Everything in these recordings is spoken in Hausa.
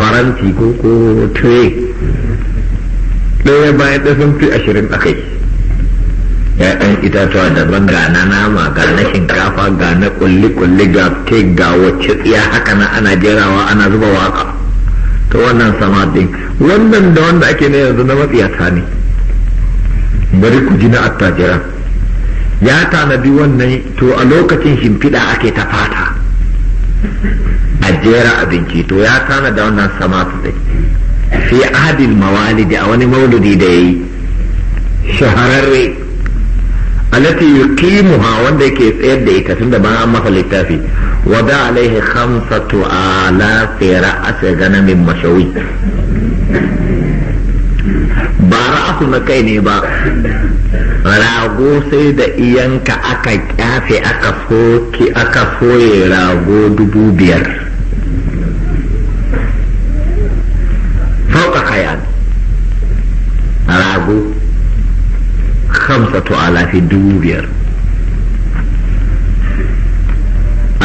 faranti ko ko tire ɗaya bayan ɗaya sun fi ashirin a kai ‘ya'yan itatuwa daban ga na nama ga na shinkafa ga na kulli-kulli ga ke ga wacce tsiya haka na ana jerawa ana zuba waka to wannan sama din wannan da wanda ake na yanzu na matsiyata ne bari ku ji na attajira ya tanadi wannan to a lokacin shimfiɗa ake ta fata a jera abinci to ya tana da wannan sama su fi adil mawalidi a wani mauludi da ya yi shahararre alati yuqimuha wanda yake tsayar da ita da ba an masa littafi wada alaihi khamsatu sai gana min mashawi ba ra'asu na kai ne ba rago sai da iyanka aka kyafe aka ki aka rago dubu biyar kamsatu alafi dubu biyar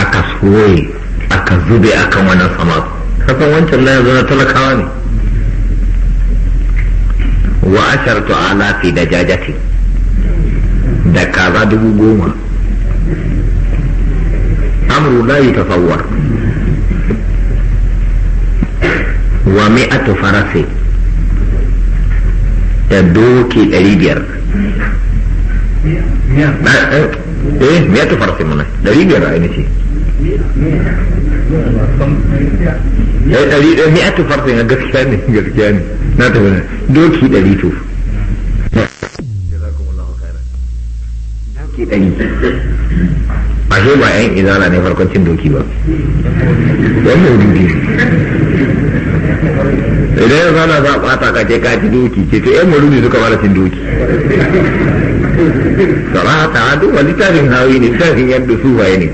aka soye aka zube akan sama kasan wancan na yanzu na talakawa ne wa ashartu alafi da jajati da kaza dubu goma amru la yutasawwar wa mi'atu farasi da doki ɗari biyar eh miya ta farce mana dari biyar a ce eh dari ɗaya miya ta farce na gaskiya ne gaskiya ne na tafi na doki dari to dari a shi ba yan izala ne farkon doki ba wannan rubi idan yanzu ana za a ɓata kace kaci doki ce to yan maruni suka fara cin doki sara ta adu wa littafin hawi ne littafin yadda su waye ne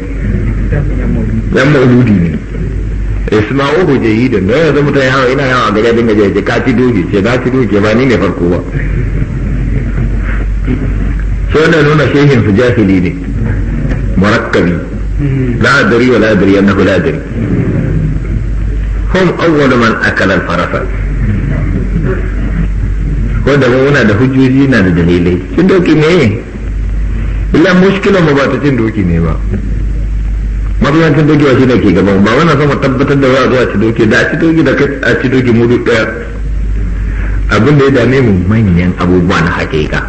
yan mauludi ne isma'uhu jayidan da yanzu mutane hawa ina yawa a gari abin da jayi ka ci doji ce na ci doji ba ni ne farko ba so da nuna shehin su jahili ne murakkabi la adari wa la adari annahu la adari hum awwalu man akala al-farasa wanda da muna da hujjoji na da dalilai cin doki ne illa mushkilan mu ba ta cin doki ne ba matsalancin doki ba shi da ke gaban ba wannan sama tabbatar da za a zuwa ci doki da a ci doki da a ci doki mu duk daya abin da ya dame mu manyan abubuwa na hakika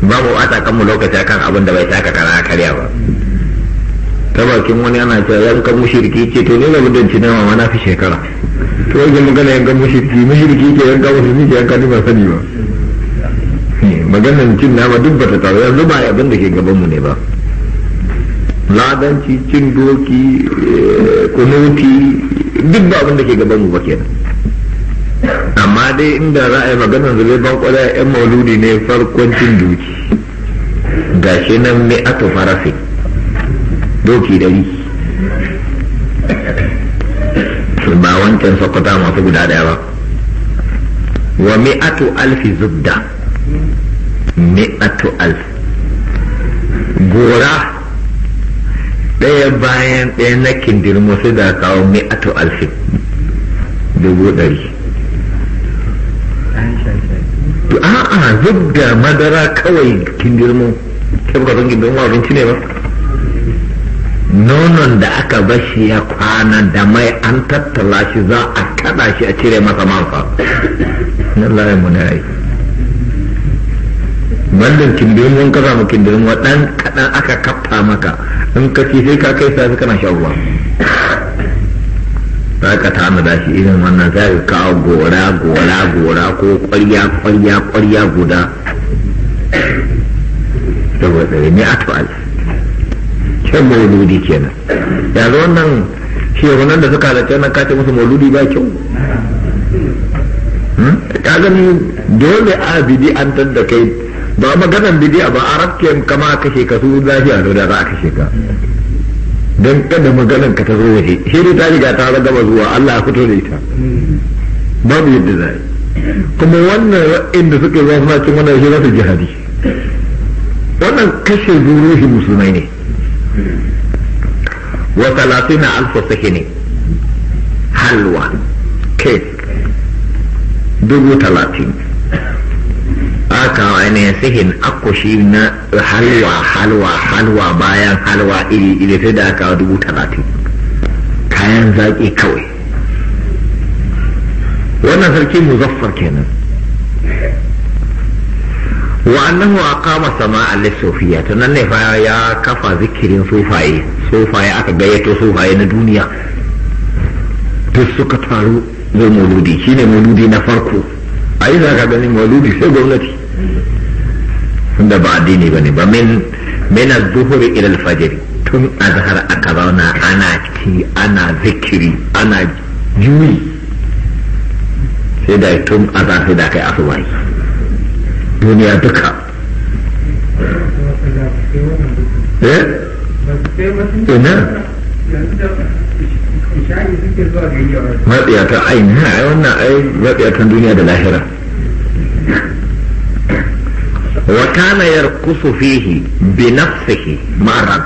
ba mu bata kan mu lokaci kan abin da bai taka kara karya ba ta bakin wani ana cewa ya zuka mushriki ce to ne ga mudanci cinema ma na fi shekara to wajen magana yankan mushriki mushriki ke yanka musulmi ke yanka ba sani ba eh, maganan cin nama duk bata taro yanzu ba abin da ke gabanmu ne ba ladanci cin doki eh, kunuti duk ba abin da ke gabanmu ba kenan amma dai inda za a yi maganar zube ban kwada yan mauludi ne farkon cin doki gashi nan ne ato farafin doki dari ce ba wancan sokota masu guda daya ba wa mi'atu alfi zubda mi'atu alf gora daya bayan daya na kindir sai da kawo mi'atu alfi dubu dari a'a zubda madara kawai kindirmu sai bukatun kindirmo abinci ne ba nonon da aka bashi ya kwana da mai an tattala shi za a kada shi a cire masa manfa na ya muna yi bandin kindirin wani kasa mu kindirin wa dan kadan aka kafta maka in ka ci sai ka kai sai kana shan ruwa ba ka tana da shi irin wannan za ka kawo gora gora gora ko kwarya kwarya kwarya guda saboda ne a tuwa shan mauludi kenan yanzu wannan shehunan da suka halatta nan kace musu mauludi ba kyau hmm? ka gani dole a bidi an da kai ba maganan bidi ba a rafke kama kashe ka su a da za a kashe ka don kada maganan ka ta zo waje shi ne ta riga ta ba zuwa Allah ya fito da ita babu yadda za kuma wannan inda suke zuwa suna cin wannan shi za su jihadi wannan kashe zuruhi musulmai ne wa talatina alfu sahini halwa cake dubu talatin aka ainihin sihin akushi na halwa halwa halwa bayan halwa iri iri sai da aka dubu talatin kayan zaƙi kawai wannan sarki muzaffar kenan wa annahu aqama sama'a lis-sufiyya to nan ne fa ya kafa zikirin sufaye sufaye aka gayyato sufaye na duniya duk suka taru zai mauludi shine mauludi na farko a ka gani mauludi sai gwamnati tunda ba addini ba ne ba min min az-zuhri ila al-fajr tun azhar aka zauna ana ana zikiri ana juyi sai da tun azhar da kai asubahi duniya duka eh ina ainihin a wannan ai matsiyatan duniya da lahira wa kana yarkusu fihi bi nafsihi ma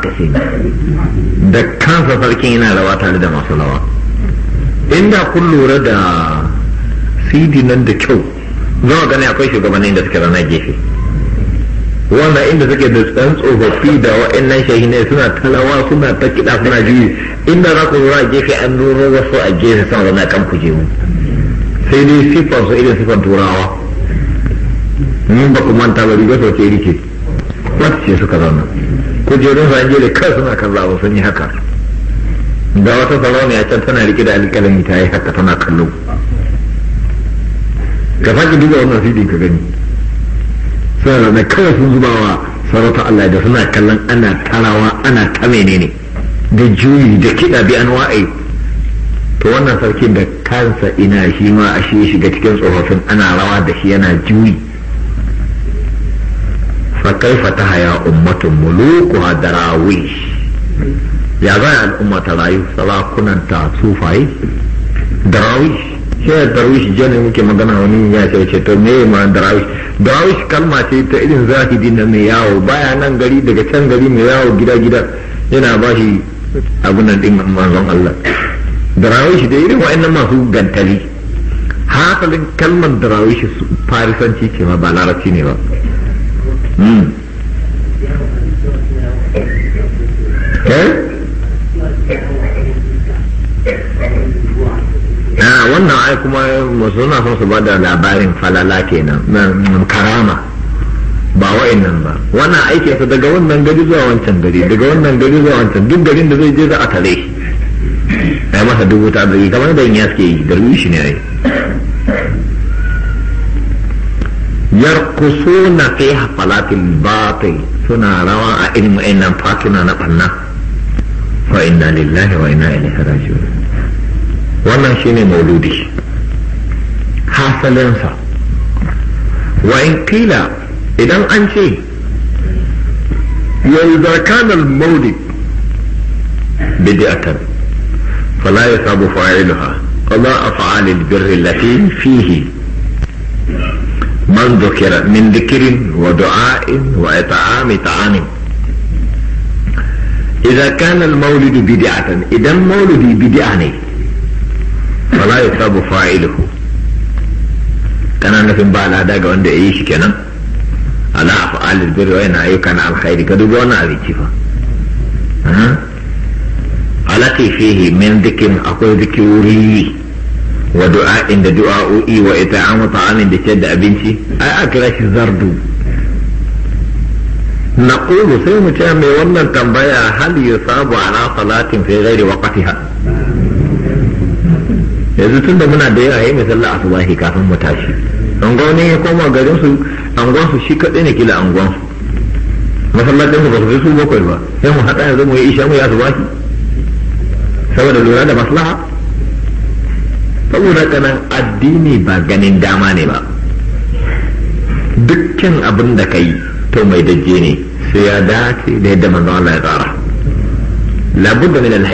da kansa sarkin yana rawa tare da masu rawa inda kun lura da sidi nan da kyau zama gani akwai shugabannin da suke rana gefe wanda inda suke da tsan tsofaffi da wa'annan shahinai suna talawa suna ta kiɗa suna juyi inda za ku zuwa gefe an nuno wasu a gefe sama zama kan mu sai dai siffar su irin siffar turawa mun ba ku manta ba rigar sauke rike ce suka zauna kujerun su an jere kan suna kan zaɓa sun yi haka da wata sarauniya can tana rike da alƙalami ta yi haka tana kallo ka sake duba wannan sidin ka gani sai da kawai sun zuba wa sarauta Allah da suna kallon ana tarawa ana ta menene da juyi da kiɗa bi an wa'ai to wannan sarki da kansa ina shi ma a shi shiga cikin tsofaffin ana rawa da shi yana juyi fa kaifa ta haya ummatun muluku hadarawi ya za al'umma ta rayu sarakunanta sufaye darawish shi ne darwish jiya ne muke magana wani ya ce ce to me ma darwish darwish kalma ce ta irin zahidi na mai yawo baya nan gari daga can gari mai yawo gida gida yana ba shi din manzon Allah darwish da irin wa'annan masu gantali hasalin kalmar darwish farisanci ce ma ba larabci ne ba hmm. eh wannan ai kuma masu suna son su ba da labarin falala kenan nan mm, karama ba wa'annan ba wannan aiki sa daga wannan gari zuwa wancan gari daga wannan gari zuwa wancan duk garin da zai je za a tare yi masa dubu ta zai kamar da ya suke yi garbi shi ne ai yarkusuna fi hafalatil batil suna rawa a ilmu innan fatina na ɓanna fa inna lillahi wa na ilaihi raji'un wannan shine mauludi hasalinsa wa in kila idan an ce yanzu kanal maulid بدعة فلا يصاب فاعلها قضاء أفعال البر التي فيه من ذكر من ذكر ودعاء وإطعام طعام إذا كان المولد بدعة إذا مولدي بدعني fala ya sabu fa'iluhu kana nufin ba lada ga wanda ya yi shi kenan ala af'alil birri wa yana ayyuka na alkhairi ka duba wani abinci fa ala alati fihi min zikin akwai zikiruri wa du'a du'a'in da du'a'o'i wa ita'amu amin da ciyar da abinci ai a kira shi zardu na sai mu ce mai wannan tambaya hali hal sabu ala salatin fi ghairi ha. yanzu tun da muna da yawa yayi mai sallah asubahi kafin mu tashi angon ya koma garin su angon su shi kadai ne kila angon su masallacin mu ba su su bakwai ba sai mu haɗa yanzu mu yi isha mu yi asubahi saboda lura da maslaha saboda kanan addini ba ganin dama ne ba dukkan abin da ka yi to mai dajje ne sai ya dace da yadda manzo Allah ya tsara labudda min al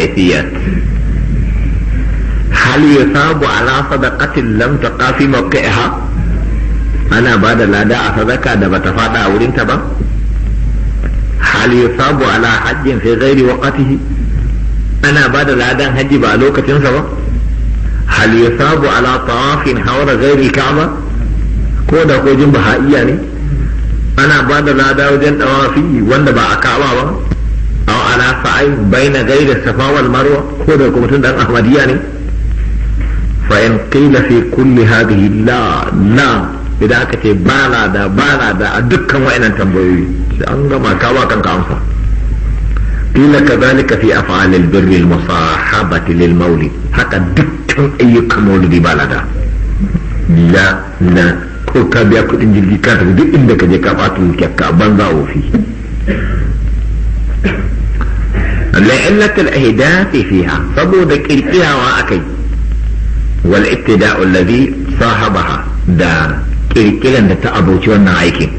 hal yusabu ala sadaqatin lam taqa fi mawqi'iha ana ba lada a sadaka da bata fada a wurinta ba hal yusabu ala hajjin fi ghairi waqtihi ana ba ladan haji ba lokacinsa ba hal yusabu ala tawafin hawra ghairi ka'ba ko da kojin bahaiya ne ana ba lada wajen tawafi wanda ba a ka'ba ba aw ala sa'i baina ghairi safa marwa ko da kuma ahmadiyya ne fa’in kila fi kulli hadhihi la na idan aka ce bala da bala da a dukkan wa'inan tambayoyi sai an gama ka ba kanka amsa kila ka zani ka fi afalil birri musahabati lil maulid haka dukkan ayyukan maulidi bala da la na ko ka biya kudin jirgi ka tafi duk inda ka je ka bata wuke ka banza ofi la'illatul ihdathi fiha saboda kirkirawa akai wal ibtida'u alladhi sahabaha da kirkiran da ta abuci wannan aikin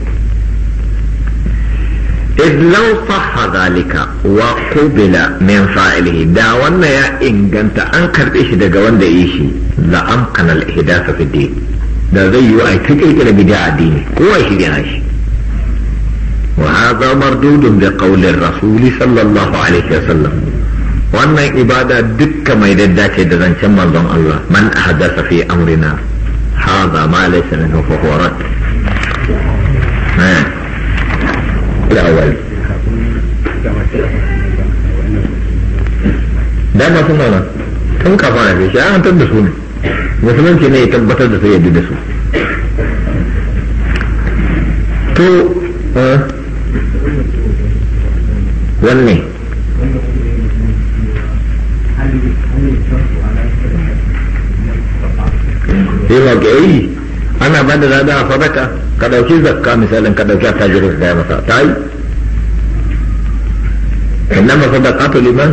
idlau sahha zalika wa qubila da wannan ya inganta an karbe shi daga wanda yi shi la amkana al ihdatha fi da zai yi ai ta kirkira bid'a addini kowa shi yana shi wa hadha mardudun bi qawli ar sallallahu alaihi wasallam wannan ibada dukka mai daddace da zancen manzon Allah man ahdasa fi amrina hadha ma laysa minhu fa huwa rad الأول da masu mana tun kafa na shi an tabbatar da su ne musulunci ne ya tabbatar da su yadda da su to eh, wanne fi waƙi ana ba da lada a sadaka ka ɗauki zakka misalin ka ɗauki a tajirin da ya masa ta yi إنما صدقات لمن؟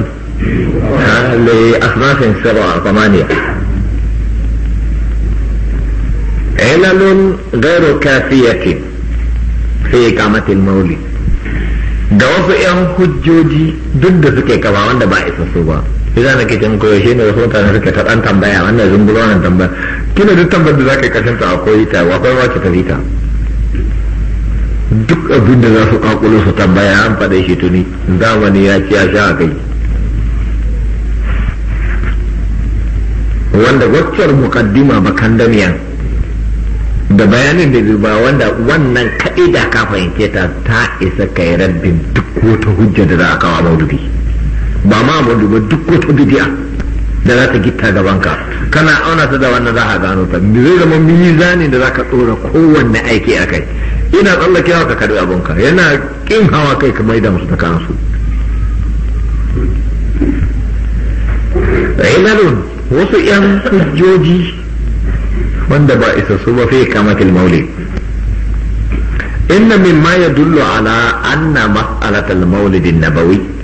لأصناف سبعة ثمانية علل غير كافية في إقامة المولد ga wasu 'yan hujjoji duk da suke kaba wanda ba isa su ba idan na ke muku yaushe ne wasu mutane suke ta dan tambaya wannan zumbulo wannan tambaya kina duk tambar da za ka yi kashin ta akwai ta akwai wacce ta fita duk abin da za su kakulu su tambaya an faɗa shi tuni zamani ya ci ya sha a kai wanda waccar mukaddima ba damiyan da bayanin da ba wanda wannan ka'ida da ka fahimce ta ta isa ka yi rabbin duk wata hujja da za a kawo maudubi ba ma maudubi duk wata bidiya da za ta gitta gabanka kana auna ta da wannan za a gano ta zai zama mizanin da za ka tsora kowanne aiki a kai ina tsallake ka karbi abinka yana kin hawa kai ka maida musu ta kansu ilalun wasu yan hujjoji wanda ba isa su ba fi kamatil maulid inna mimma dullo ala anna mas'alatal maulidin nabawi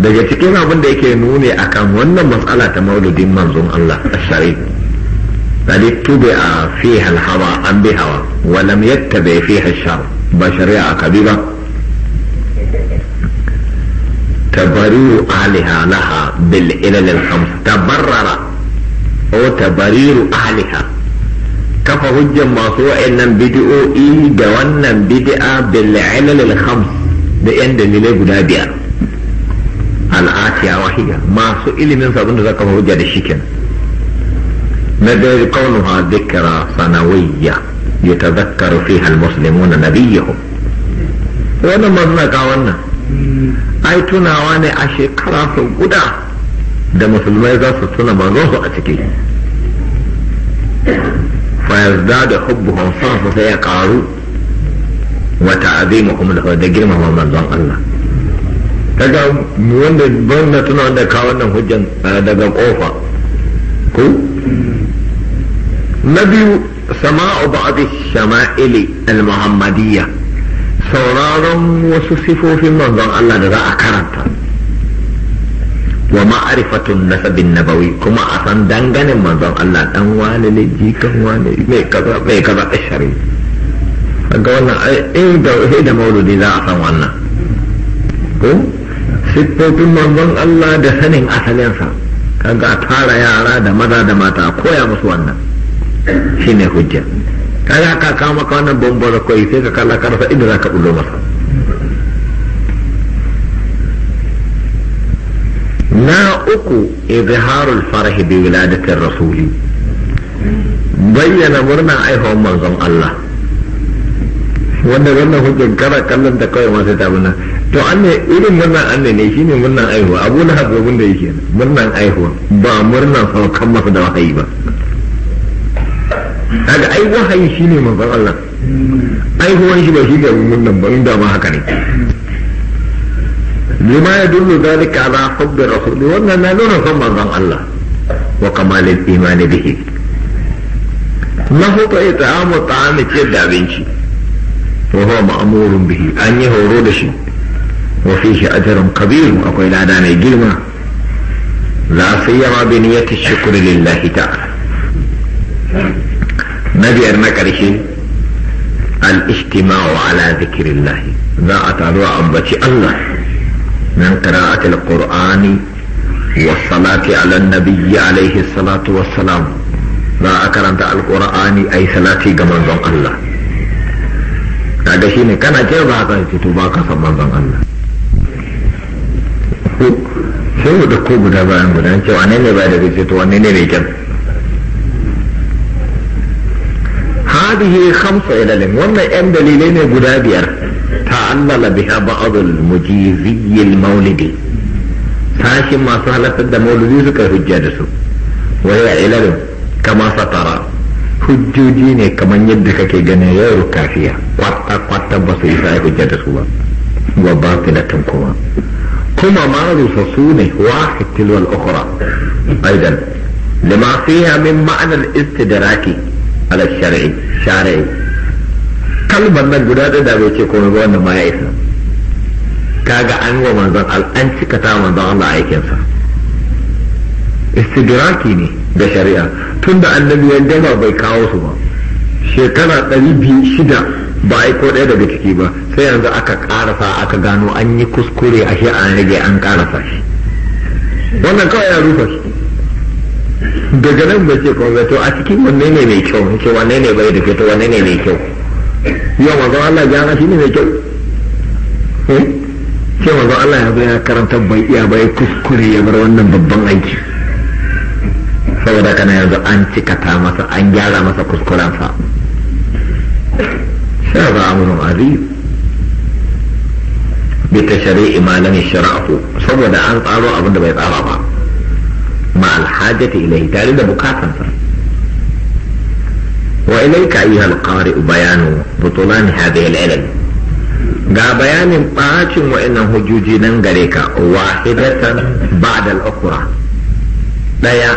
daga cikin abin da yake nuni kan wannan matsala ta mauludin manzon Allah ashari dadi tube a fi halhawa an bi hawa walam yadda bai fi hashar ba shari'a a kabila tabariru aliha laha bil ilalil khams tabarrara o tabariru aliha kafa hujjan masu wa'annan bidi'o'i da wannan bidi'a bil ilalil khams da yan dalilai guda biyar al'atiya wahiya masu ilimin sabon da zaka hujja da shi kenan na dai kaunuha dhikra sanawiyya yatadhakkaru fiha almuslimuna nabiyahum wannan ma suna kawo wannan ai tunawa ne a shekara su guda da musulmai za su tuna manzon su a ciki fa yazdadu hubbuhum sansu sai ya karu wa ta'zimuhum lahu da girmama manzon Allah daga wanda gwamna tuna wanda ka wannan hujjan eh, daga kofa ko na biyu sama'u ba'd shama'ili al-muhammadiyya sauraron wasu sifofin manzon Allah da za a karanta wa ma'arifatun nasabin nabawi kuma a san danganin manzon Allah dan wani ne jikan wani mai kaza mai kaza ashari ga wannan eh, eh, ai da mauludi za a san wannan ko siffofin manzon Allah da sanin asalinsa kaga a tara yara da maza da mata koya musu wannan ne hujja kaga ka kawo maka wannan da koyi sai ka kalla karfa rasa zaka bullo masa na uku izharul farahi bi wiladatir rasuli bayyana murna aihuwar manzon Allah wanda wannan hujjar kara kallon ta kawai masu tabuna to an ne irin murnan an ne ne ne murnan aihuwa abu na haɗu abin da yake murnan aihuwa ba murnan saukan masa da wahayi ba daga ai wahayi ne manzon Allah aihuwan shi ba shi ga murnan ba inda ma haka ne lima ya dullu zalika ala hubbi rasul wannan na nuna son manzon Allah wa kamalil imani bihi na ta ita amu ta'ami da abinci wa huwa ma'amurun bihi an yi horo da shi وفيه أجر كبير أقول هذا نجلما لا سيما بنية الشكر لله تعالى نبي أرنك رشي الاجتماع على ذكر الله ذا أتعرض أبتي الله من قراءة القرآن والصلاة على النبي عليه الصلاة والسلام ذا أكرمت القرآن أي صلاتي كمنظم الله هذا شيء كان jin ba ka fito sai da ko guda bayan guda ce wane ne ba da gaske to wane ne mai kyan hadihi khamsa ilalin wannan yan dalilai ne guda biyar ta'allala biha ba'dul mujiziyil maulidi sashin masu halartar da maulidi suka hujja da su waya ilalim kama satara hujjoji ne kamar yadda kake ganin yau kafiya kwata kwata ba su isa hujja da su ba wa da kuma كما مارس صونه واحد تلو الأخرى أيضا لما فيها من معنى الاستدراك على الشرعي شارعي كلمة من قدادة دا بيكي بيتكون بوانا ما يعيسا كاقا أنوى منظر الآن شكتا منظر الله عيكينسا استدراكي ني دا شريعة tunda annabi ya gama bai kawo su ba ba yi ko ɗaya daga ciki ba sai yanzu aka ƙarasa aka gano an yi kuskure a shi an rage an ƙarasa shi wannan kawai ya rufa shi daga nan ba ce kuma to a cikin wanne ne mai kyau ce wanne ne bai da fito wanne ne mai kyau yau mazan Allah gana shi ne mai kyau ce eh? mazan Allah ya zai ya karanta bai iya bai kuskure ya bar wannan babban aiki saboda kana yanzu an cikata masa an gyara masa kuskurensa. هذا أمر عظيم بتشريع ما لم يشرعه سبب أن تعالوا أبن بيت عربا مع الحاجة إليه تارد بكاتا وإليك أيها القارئ بيان بطلان هذه العلم ga bayanin ɓacin wa'annan hujjoji nan gare ka wahidatan ba'da al-ukhra daya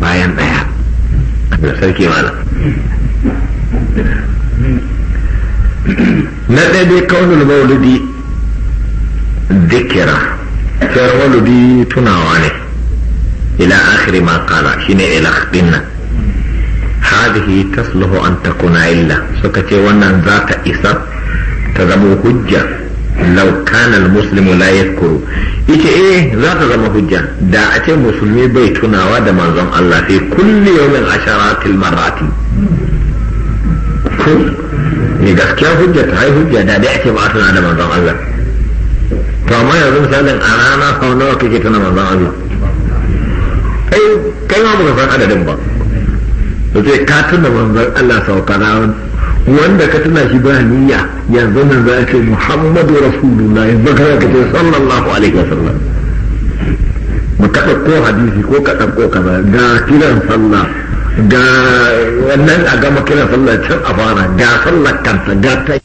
bayan daya Allah sarki malam na ɗaya dai kaunul maulidi zikira sai maulidi tunawa ne ila akhiri ma kala shine ila dinnan hadihi tasluhu an takuna illa suka ce wannan za ta isa ta zama hujja law kana almuslimu la yadhkuru yace eh za ta zama hujja da a ce musulmi bai tunawa da manzon Allah sai kulli yawmin asharatil marati mai gaskiya hujja ta hai hujja da da ake ba tana da manzon Allah to amma yanzu misalin a rana sau nawa kake tana manzon Allah kai kai ma baka san adadin ba to sai ka tana manzon Allah sau kaza wanda ka tuna shi ba niyya yanzu nan za ce Muhammadu Rasulullah yanzu ka ce sallallahu alaihi wasallam mu taɓa ko hadisi ko ka ko kaza ga kiran sallah da wannan a gama kiran sallah can a fara ga sallar da ga ta